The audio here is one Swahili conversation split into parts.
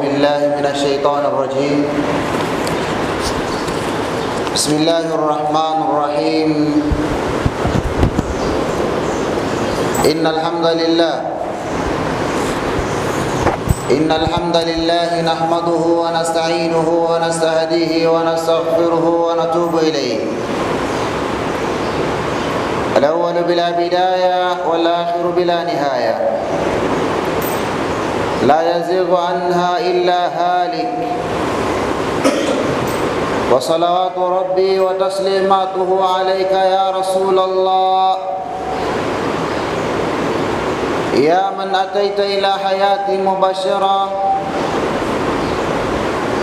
بالله من الشيطان الرجيم بسم الله الرحمن الرحيم إن الحمد لله إن الحمد لله نحمده ونستعينه ونستهديه ونستغفره ونتوب إليه الأول بلا بداية والآخر بلا نهاية لا يزيغ عنها إلا هالك وصلوات ربي وتسليماته عليك يا رسول الله يا من أتيت إلى حياتي مبشرا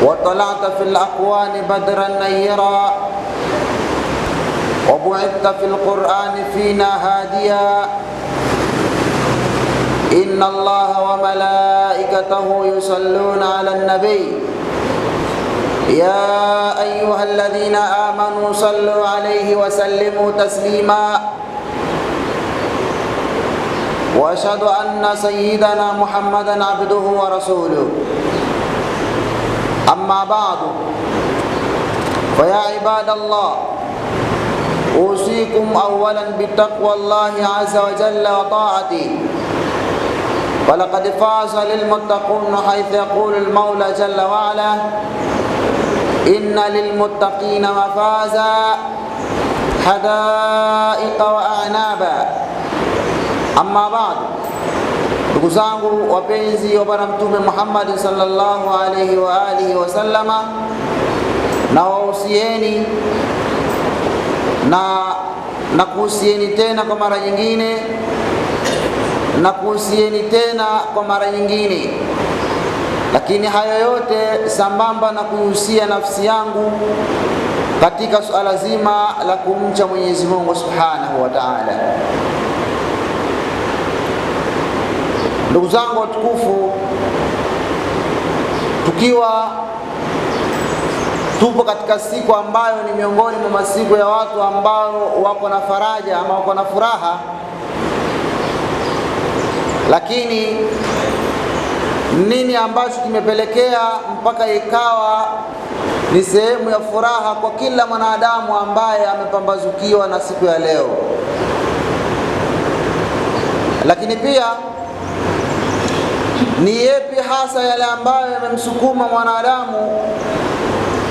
وطلعت في الأقوال بدرا نيرا وبعثت في القرآن فينا هاديا إن الله وملائكته يصلون على النبي يا أيها الذين آمنوا صلوا عليه وسلموا تسليما وأشهد أن سيدنا محمدا عبده ورسوله أما بعد فيا عباد الله أوصيكم أولا بتقوى الله عز وجل وطاعته ولقد فاز للمتقون حيث يقول المولى جل وعلا إن للمتقين مفازا حدائق وأعنابا أما بعد ndugu zangu wapenzi wa bwana mtume Muhammad sallallahu alaihi wa alihi wasallama na wahusieni na na kuhusieni tena kwa mara nyingine na kuhusieni tena kwa mara nyingine, lakini hayo yote sambamba na kuihusia nafsi yangu katika suala zima la kumcha Mwenyezi Mungu Subhanahu wa Ta'ala. Ndugu zangu watukufu, tukiwa tupo katika siku ambayo ni miongoni mwa masiku ya watu ambao wako na faraja ama wako na furaha lakini nini ambacho kimepelekea mpaka ikawa ni sehemu ya furaha kwa kila mwanadamu ambaye amepambazukiwa na siku ya leo? Lakini pia ni yepi hasa yale ambayo yamemsukuma mwanadamu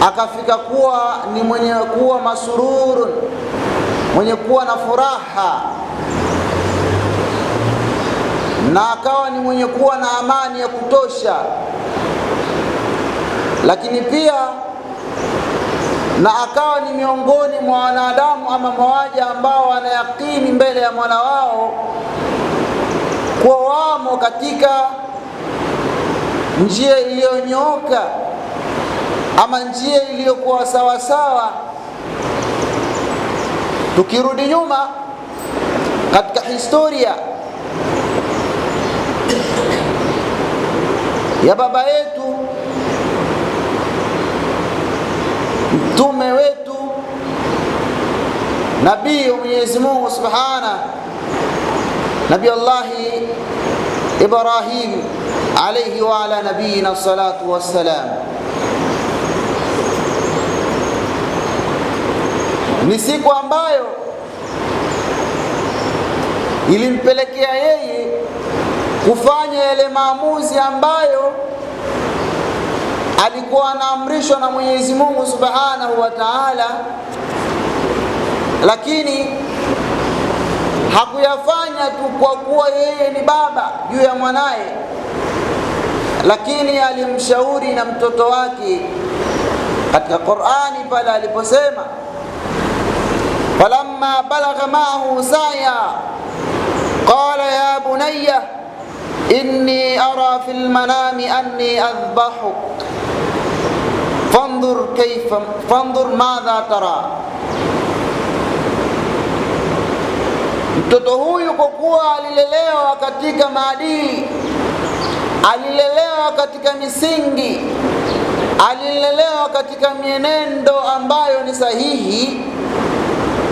akafika kuwa ni mwenye kuwa masururu, mwenye kuwa na furaha na akawa ni mwenye kuwa na amani ya kutosha, lakini pia na akawa ni miongoni mwa wanadamu ama mawaja ambao wanayakini mbele ya mwana wao kuwa wamo katika njia iliyonyooka ama njia iliyokuwa sawasawa. Tukirudi nyuma katika historia ya baba yetu mtume wetu nabii wa Mwenyezi Mungu Subhana, Nabii Allahi Ibrahim alayhi wa ala nabiyina salatu wassalam. Ni siku ambayo ilimpelekea yeye kufanya yale maamuzi ambayo alikuwa anaamrishwa na Mwenyezi Mungu Subhanahu wa Ta'ala, lakini hakuyafanya tu kwa kuwa yeye ni baba juu ya mwanaye, lakini alimshauri na mtoto wake katika Qur'ani pale aliposema, falamma balagha maahu saya qala ya bunayya inni ara fi lmanami anni adhbahuk fandhur kaifa fandhur madha tara, mtoto huyu kwa kuwa alilelewa katika maadili, alilelewa katika misingi, alilelewa katika mienendo ambayo ni sahihi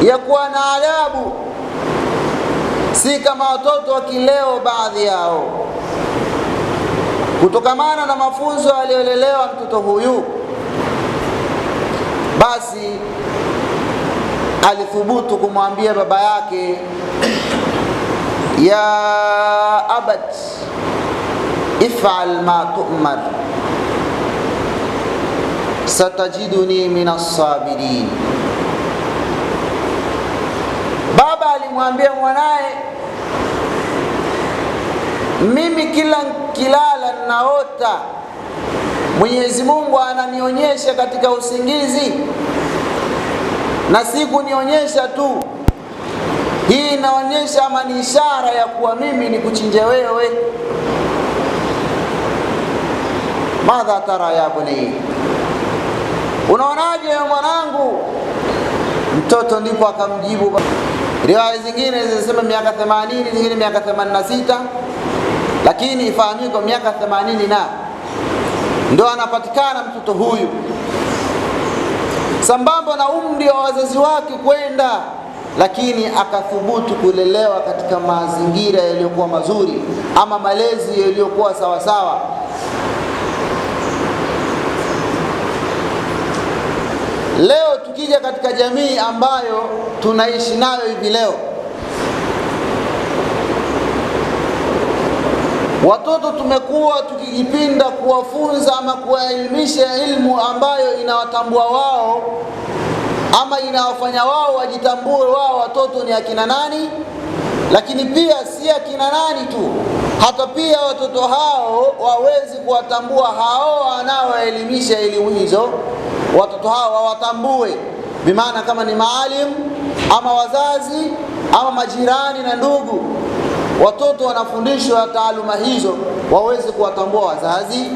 ya kuwa na adabu, si kama watoto wa kileo baadhi yao Kutokamana na mafunzo aliyolelewa mtoto huyu, basi alithubutu kumwambia baba yake, ya abat ifal ma tu'mar satajiduni min as Baba alimwambia mwanaye, mimi kila kila naota, Mwenyezi Mungu ananionyesha katika usingizi, na si kunionyesha tu. Hii inaonyesha ama ni ishara ya kuwa mimi ni kuchinja wewe. Madha tara ya bunii, unaonaje mwanangu? Mtoto ndipo akamjibu. Riwaya zingine zinasema miaka 80, zingine miaka 86 lakini ifahamike kwa miaka 80 na ndio anapatikana mtoto huyu, sambamba na umri wa wazazi wake kwenda, lakini akathubutu kulelewa katika mazingira yaliyokuwa mazuri ama malezi yaliyokuwa sawasawa. Leo tukija katika jamii ambayo tunaishi nayo hivi leo Watoto tumekuwa tukijipinda kuwafunza ama kuwaelimisha ilmu ambayo inawatambua wao ama inawafanya wao wajitambue wao watoto ni akina nani, lakini pia si akina nani tu, hata pia watoto hao wawezi kuwatambua hao wanaoelimisha elimu hizo, watoto hao wawatambue, bimaana kama ni maalim ama wazazi ama majirani na ndugu watoto wanafundishwa taaluma hizo, waweze kuwatambua wazazi,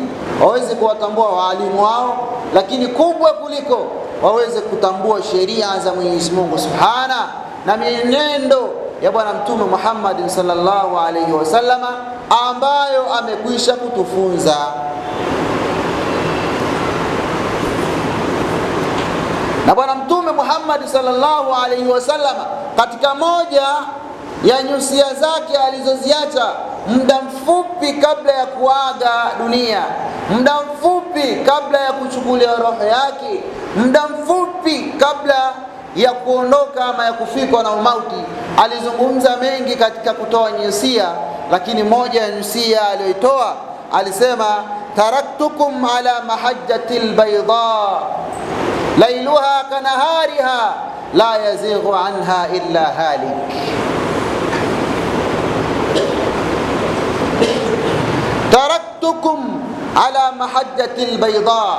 waweze kuwatambua waalimu wao, lakini kubwa kuliko waweze kutambua sheria za Mwenyezi Mungu Subhana na mienendo ya Bwana Mtume Muhammad sallallahu alaihi wasallama ambayo amekwisha kutufunza. Na Bwana Mtume Muhammad sallallahu alaihi wasallama katika moja ya nyusia zake alizoziacha muda mfupi kabla ya kuaga dunia, muda mfupi kabla ya kuchukuliwa roho yake, muda mfupi kabla ya kuondoka ama ya kufikwa na umauti. Alizungumza mengi katika kutoa nyusia, lakini moja ya nyusia aliyoitoa alisema, taraktukum ala mahajjati lbaida lailuha kanahariha la yazighu anha illa halik taraktukum ala mahajjati lbaida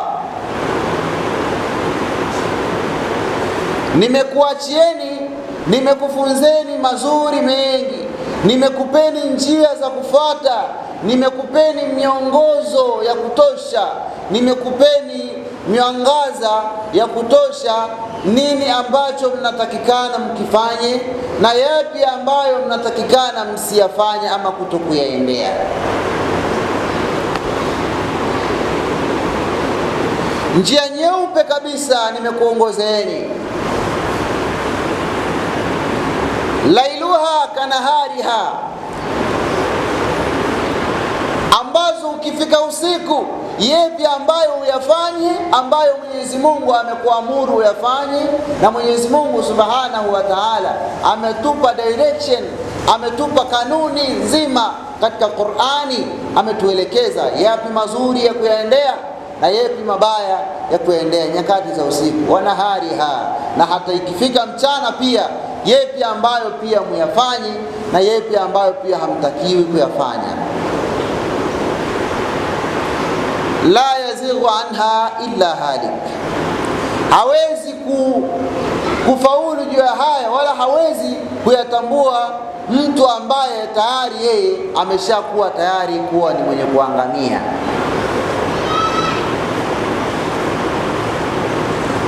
nimekuachieni nimekufunzeni mazuri mengi, nimekupeni njia za kufata, nimekupeni miongozo ya kutosha, nimekupeni miangaza ya kutosha, nini ambacho mnatakikana mkifanye na yapi ambayo mnatakikana msiyafanye ama kutokuyaendea. nyeupe kabisa nimekuongozeeni. Lailuha kanahariha, ambazo ukifika usiku yepi ambayo uyafanye ambayo Mwenyezi Mungu amekuamuru uyafanye, na Mwenyezi Mungu Subhanahu wa Ta'ala ametupa direction, ametupa kanuni nzima katika Qur'ani, ametuelekeza yapi mazuri ya kuyaendea na yepi mabaya ya kuendea nyakati za usiku, wanahariha, na hata ikifika mchana pia, yepi ambayo pia muyafanyi na yepi ambayo pia hamtakiwi kuyafanya. La yazighu anha illa halik, hawezi ku, kufaulu juu ya haya wala hawezi kuyatambua mtu ambaye tayari yeye ameshakuwa tayari kuwa ni mwenye kuangamia.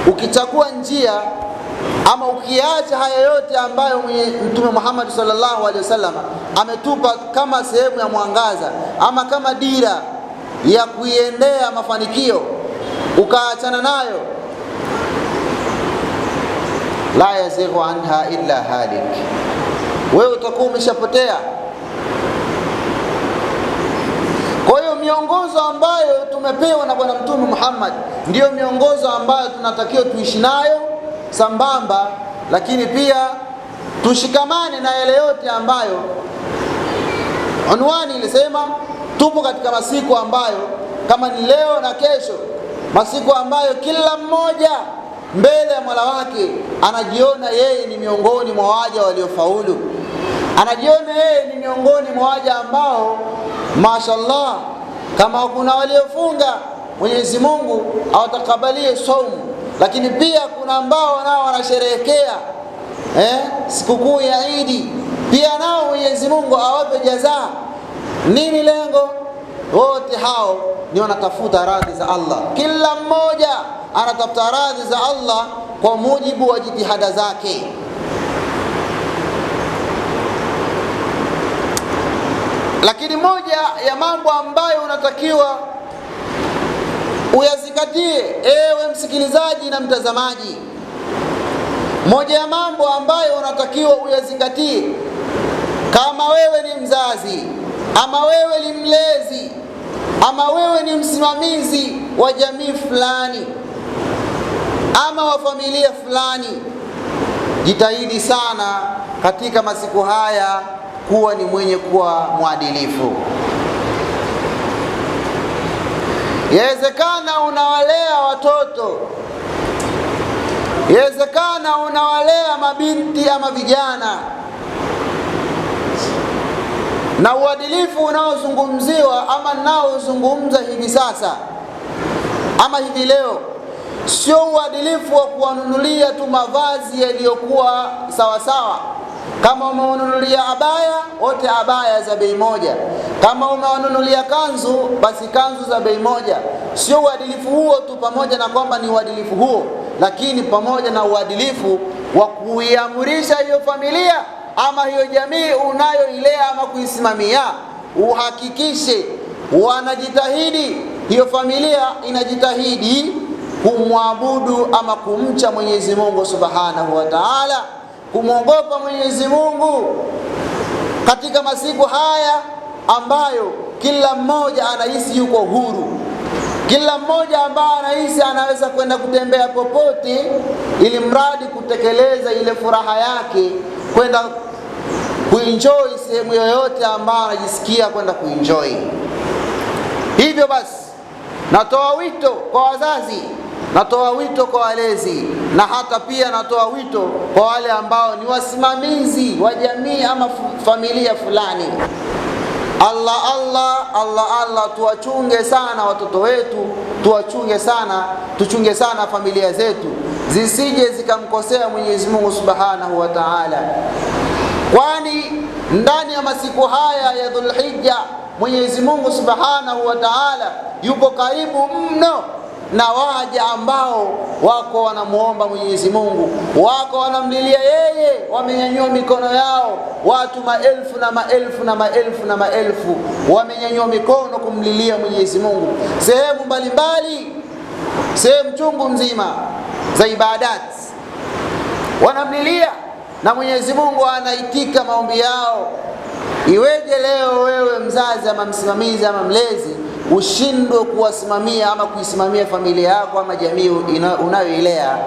Ukichagua njia ama ukiacha haya yote ambayo Mtume Muhammad sallallahu alaihi wasallam ametupa kama sehemu ya mwangaza ama kama dira ya kuiendea mafanikio, ukaachana nayo, la yazighu anha illa halik, wewe utakuwa umeshapotea. ambayo tumepewa na Bwana Mtume Muhammad ndiyo miongozo ambayo tunatakiwa tuishi nayo sambamba, lakini pia tushikamane na yale yote ambayo unwani ilisema. Tupo katika masiku ambayo kama ni leo na kesho, masiku ambayo kila mmoja mbele ya Mola wake anajiona yeye ni miongoni mwa waja waliofaulu, anajiona yeye ni miongoni mwa waja ambao mashallah kama kuna waliofunga Mwenyezi Mungu awatakabalie somu lakini pia kuna ambao nao wanasherehekea eh, sikukuu ya Idi, pia nao Mwenyezi Mungu awape jazaa. Nini lengo? Wote hao ni wanatafuta radhi za Allah, kila mmoja anatafuta radhi za Allah kwa mujibu wa jitihada zake. Lakini moja ya mambo ambayo unatakiwa uyazingatie, ewe msikilizaji na mtazamaji, moja ya mambo ambayo unatakiwa uyazingatie kama wewe ni mzazi ama wewe ni mlezi ama wewe ni msimamizi wa jamii fulani ama wa familia fulani, jitahidi sana katika masiku haya kuwa ni mwenye kuwa mwadilifu. Yawezekana unawalea watoto, yawezekana unawalea mabinti ama vijana, na uadilifu unaozungumziwa ama naozungumza hivi sasa ama hivi leo sio uadilifu wa kuwanunulia tu mavazi yaliyokuwa sawasawa kama umewanunulia abaya wote abaya za bei moja, kama umewanunulia kanzu basi kanzu za bei moja. Sio uadilifu huo tu, pamoja na kwamba ni uadilifu huo, lakini pamoja na uadilifu wa kuiamurisha hiyo familia ama hiyo jamii unayoilea ama kuisimamia, uhakikishe wanajitahidi, hiyo familia inajitahidi kumwabudu ama kumcha Mwenyezi Mungu Subhanahu wa Ta'ala kumwogopa Mwenyezi Mungu katika masiku haya ambayo kila mmoja anahisi yuko huru, kila mmoja ambaye anahisi anaweza kwenda kutembea popote, ili mradi kutekeleza ile furaha yake, kwenda kuenjoy sehemu yoyote ambayo anajisikia kwenda kuenjoy. Hivyo basi, natoa wito kwa wazazi Natoa wito kwa walezi na hata pia natoa wito kwa wale ambao ni wasimamizi wa jamii ama familia fulani. Allah Allah Allah Allah, tuwachunge sana watoto wetu, tuwachunge sana, tuchunge sana familia zetu zisije zikamkosea Mwenyezi Mungu Subhanahu wa Ta'ala, kwani ndani ya masiku haya ya Dhulhijja Mwenyezi Mungu Subhanahu wa Ta'ala yupo karibu mno na waja ambao wako wanamuomba Mwenyezi Mungu, wako wanamlilia yeye, wamenyanyua mikono yao, watu maelfu na maelfu na maelfu na maelfu wamenyanyua mikono kumlilia Mwenyezi Mungu sehemu mbalimbali, sehemu chungu mzima za ibadati wanamlilia, na Mwenyezi Mungu anaitika maombi yao. Iweje leo wewe mzazi ama msimamizi ama mlezi ushindwe kuwasimamia ama kuisimamia familia yako ama jamii unayoilea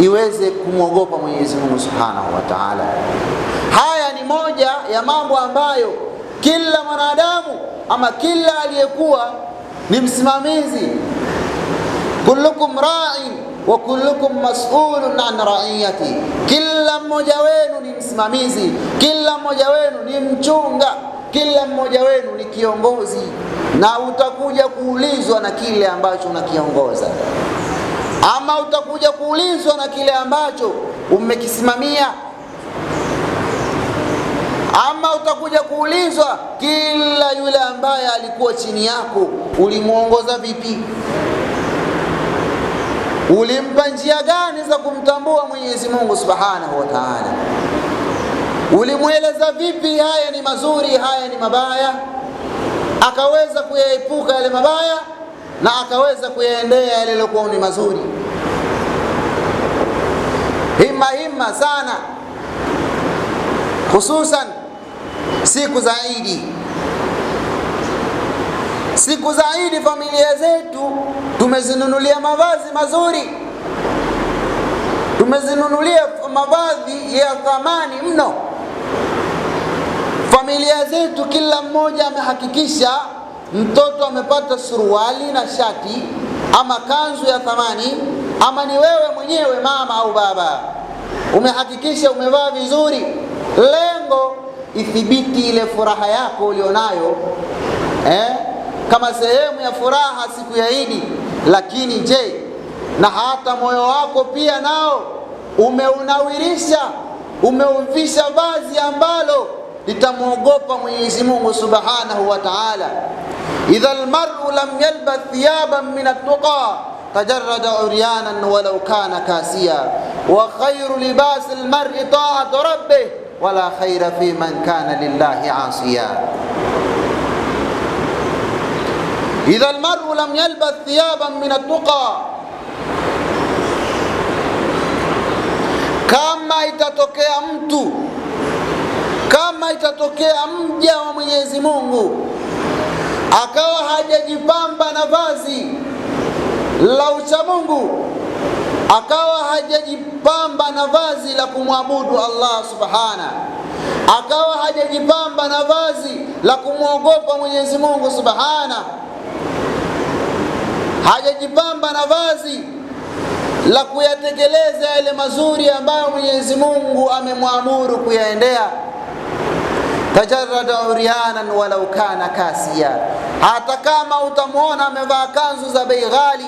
iweze kumwogopa Mwenyezi Mungu Subhanahu wa Ta'ala. Haya ni moja ya mambo ambayo kila mwanadamu ama kila aliyekuwa ni msimamizi, kullukum ra'in wa kullukum mas'ulun an ra'iyati, kila mmoja wenu ni msimamizi, kila mmoja wenu ni mchunga, kila mmoja wenu ni kiongozi na utakuja kuulizwa na kile ambacho unakiongoza, ama utakuja kuulizwa na kile ambacho umekisimamia, ama utakuja kuulizwa kila yule ambaye alikuwa chini yako, ulimwongoza vipi? Ulimpa njia gani za kumtambua Mwenyezi Mungu Subhanahu wa Ta'ala? Ulimweleza vipi haya ni mazuri, haya ni mabaya? akaweza kuyaepuka yale mabaya na akaweza kuyaendea yale yaliyokuwa ni mazuri. Himma himma sana, hususan siku za Idi. Siku za Idi familia zetu tumezinunulia mavazi mazuri, tumezinunulia mavazi ya thamani mno. Familia zetu kila mmoja amehakikisha mtoto amepata suruali na shati ama kanzu ya thamani, ama ni wewe mwenyewe mama au baba umehakikisha umevaa vizuri, lengo ithibiti ile furaha yako ulionayo eh, kama sehemu ya furaha siku ya Idi. Lakini je, na hata moyo wako pia nao umeunawirisha, umeuvisha vazi ambalo litamwogopa Mwenyezi Mungu Subhanahu wa Ta'ala. Idha almar'u lam yalbath thiyaban min at-tuqa tajarrada uryanan walau kana kasiya wa khayru libas almar'i ta'atu rabbih wala khayra fi man kana lillahi 'asiya. إذا المرء لم يلبث ثيابا من التقى kama itatokea mtu itatokea mja wa Mwenyezi Mungu akawa hajajipamba na vazi la uchamungu, akawa hajajipamba na vazi la kumwabudu Allah subhana, akawa hajajipamba na vazi la kumwogopa Mwenyezi Mungu subhana, hajajipamba na vazi la kuyatekeleza yale mazuri ambayo Mwenyezi Mungu amemwamuru kuyaendea tajarrada uryanan walau kana kasiya, hata kama utamwona amevaa kanzu za bei ghali,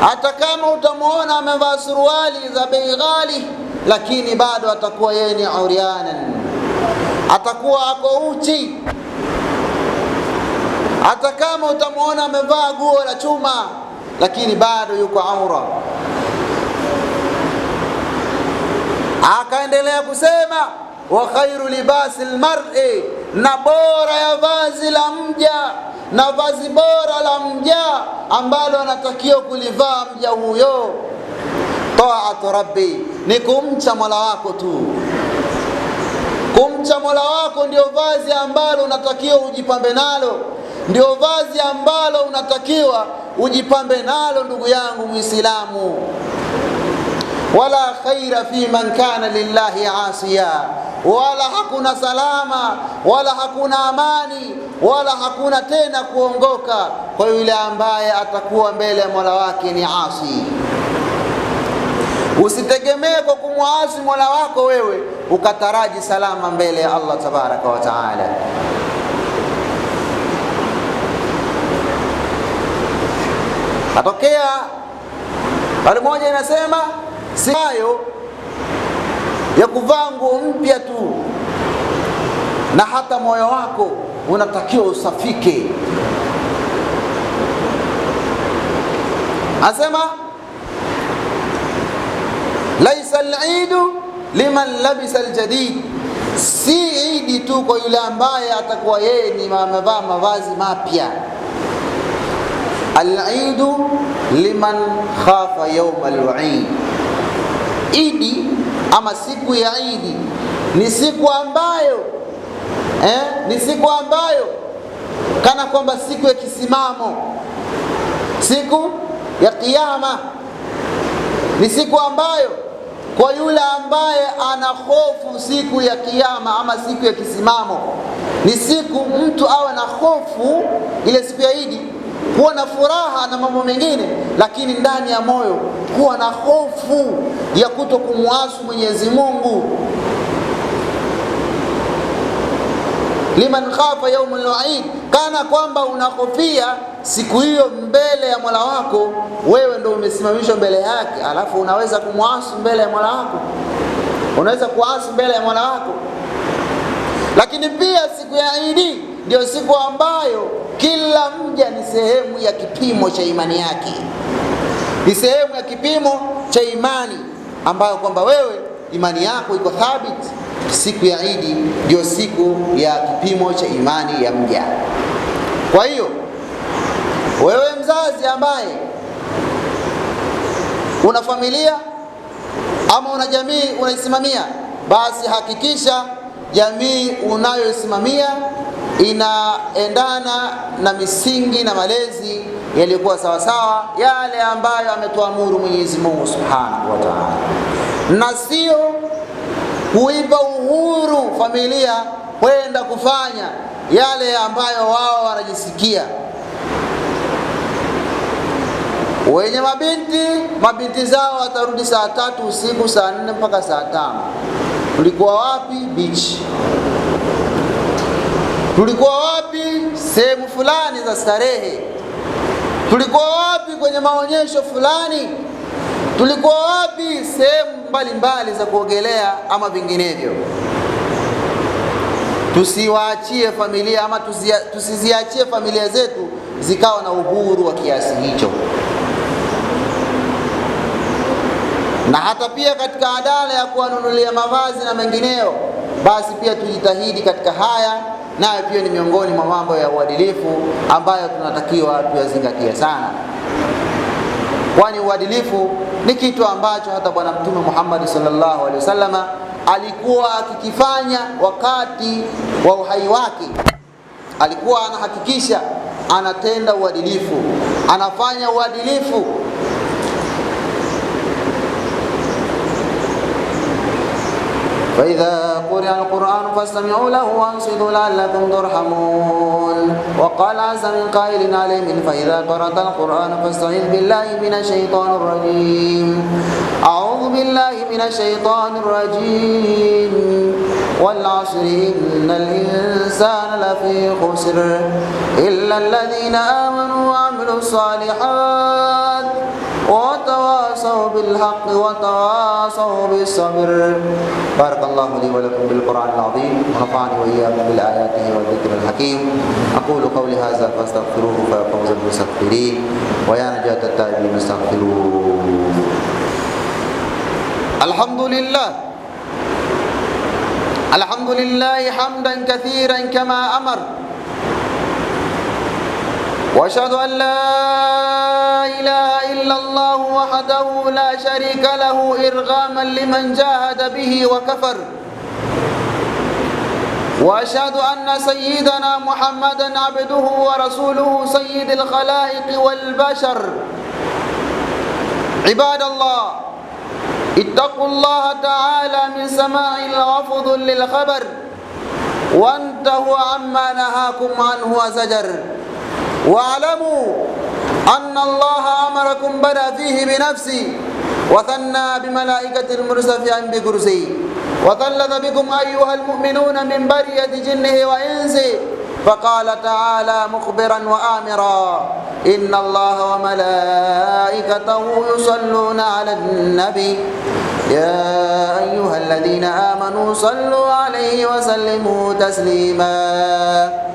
hata kama utamwona amevaa suruali za bei ghali, lakini bado atakuwa yeye ni uryanan, atakuwa ako uchi. Hata kama utamwona amevaa guo la chuma, lakini bado yuko aura. Akaendelea kusema wa khairu libasi lmari, na bora ya vazi la mja, na vazi bora la mja ambalo anatakiwa kulivaa mja huyo taatu rabbi, ni kumcha mola wako tu. Kumcha mola wako ndio vazi ambalo unatakiwa ujipambe nalo, ndio vazi ambalo unatakiwa ujipambe nalo, ndugu yangu Mwislamu wala khaira fi man kana lillahi asiya, wala hakuna salama wala hakuna amani wala hakuna tena kuongoka kwa yule ambaye atakuwa mbele ya mola wake ni asi. Usitegemee kwa kumwasi mola wako wewe ukataraji salama mbele ya Allah tabaraka wa taala. Atokea pale moja inasema si hayo ya kuvaa nguo mpya tu, na hata moyo wako unatakiwa usafike. Asema laisa lidu liman labisa al si idi tu kwa yule ambaye atakuwa yeye ni amevaa mavazi mapya. al liman khafa yauma al Idi ama siku ya Idi ni siku ambayo eh, ni siku ambayo kana kwamba siku ya kisimamo, siku ya Kiyama, ni siku ambayo kwa yule ambaye ana hofu siku ya Kiyama ama siku ya kisimamo, ni siku mtu awe na hofu ile siku ya Idi kuwa na furaha na mambo mengine, lakini ndani ya moyo kuwa na hofu ya kuto kumwasu Mwenyezi Mungu. liman khafa yaumul waid, kana kwamba unahofia siku hiyo mbele ya Mola wako, wewe ndo umesimamishwa mbele yake, alafu unaweza kumwasu mbele ya Mola wako, unaweza kuasi mbele ya Mola wako. Lakini pia siku ya Idi ndio siku ambayo kila mja ni sehemu ya kipimo cha imani yake, ni sehemu ya kipimo cha imani ambayo kwamba wewe imani yako iko thabiti. Siku ya Idi ndio siku ya kipimo cha imani ya mja. Kwa hiyo wewe mzazi ambaye una familia ama una jamii unaisimamia, basi hakikisha jamii unayoisimamia inaendana na misingi na malezi yaliyokuwa sawasawa yale ambayo ametuamuru Mwenyezi Mungu Subhanahu wa Ta'ala, na sio kuipa uhuru familia kwenda kufanya yale ambayo wao wanajisikia. Wenye mabinti mabinti zao watarudi saa tatu usiku, saa nne mpaka saa tano. Ulikuwa wapi? Bichi. Tulikuwa wapi sehemu fulani za starehe? Tulikuwa wapi kwenye maonyesho fulani? Tulikuwa wapi sehemu mbalimbali za kuogelea ama vinginevyo? Tusiwaachie familia ama tusiziachie familia zetu zikawa na uhuru wa kiasi hicho. Na hata pia katika adala ya kuwanunulia mavazi na mengineo, basi pia tujitahidi katika haya nayo pia ni miongoni mwa mambo ya uadilifu ambayo tunatakiwa tuyazingatie sana, kwani uadilifu ni kitu ambacho hata Bwana Mtume Muhammad sallallahu alaihi wasallama alikuwa akikifanya wakati wa uhai wake. Alikuwa anahakikisha anatenda uadilifu, anafanya uadilifu فإذا قرئ القرآن فاستمعوا له وأنصتوا لعلكم ترحمون وقال عز من قائل عليهم فإذا قرأت القرآن فاستعذ بالله من الشيطان الرجيم أعوذ بالله من الشيطان الرجيم والعصر إن الإنسان لفي خسر إلا الذين آمنوا وعملوا الصالحات وتواصلوا تواصوا بالحق وتواصوا بالصبر بارك الله لي ولكم بالقرآن العظيم ونفعني وإياكم بالايات والذكر الحكيم أقول قولي هذا فاستغفروه فيفوز المستغفرين ويا نجاة التائبين استغفروه الحمد لله الحمد لله حمدا كثيرا كما أمر واشهد ان لا اله الا الله وحده لا شريك له ارغاما لمن جاهد به وكفر واشهد ان سيدنا محمدا عبده ورسوله سيد الخلائق والبشر عباد الله اتقوا الله تعالى من سماع الرفض للخبر وانتهوا عما نهاكم عنه وزجر واعلموا أن الله أمركم بلا فيه بنفسي وثنى بملائكة المرسفين بكرسي وثلث بكم أيها المؤمنون من برية جنه وإنسه فقال تعالى مخبرا وآمرا إن الله وملائكته يصلون على النبي يا أيها الذين آمنوا صلوا عليه وسلموا تسليماً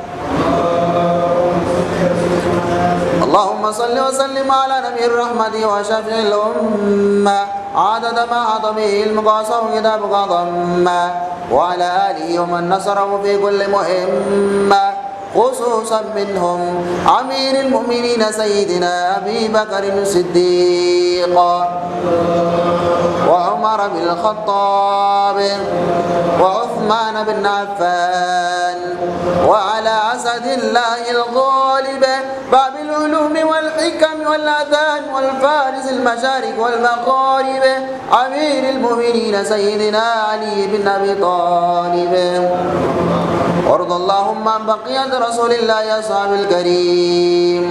اللهم صل وسلم على نبي الرحمة وشفع الأمة عدد ما عظمه المقاصه كتاب غضما وعلى آله ومن نصره في كل مهمة خصوصا منهم أمير المؤمنين سيدنا أبي بكر الصديق وعمر بن الخطاب وعثمان بن عفان وعلى أسد الله الغالب باب العلوم والحكم والأذان والفارس المشارق والمقارب أمير المؤمنين سيدنا علي بن أبي طالب وارض اللهم عن بقية رسول الله يا صاحب الكريم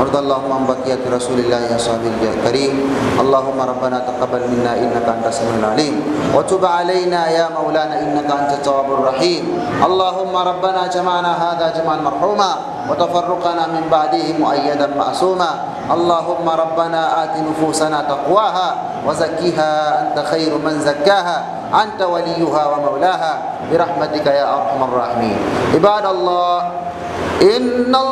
وارض اللهم عن بقية رسول الله يا صاحب الكريم اللهم ربنا تقبل منا إنك أنت السميع العليم وتب علينا يا مولانا إنك أنت التواب الرحيم اللهم ربنا جمعنا هذا جمعا مرحوما وتفرقنا من بعده مؤيدا معصوما اللهم ربنا آت نفوسنا تقواها وزكها أنت خير من زكاها أنت وليها ومولاها برحمتك يا أرحم الراحمين عباد الله إن الله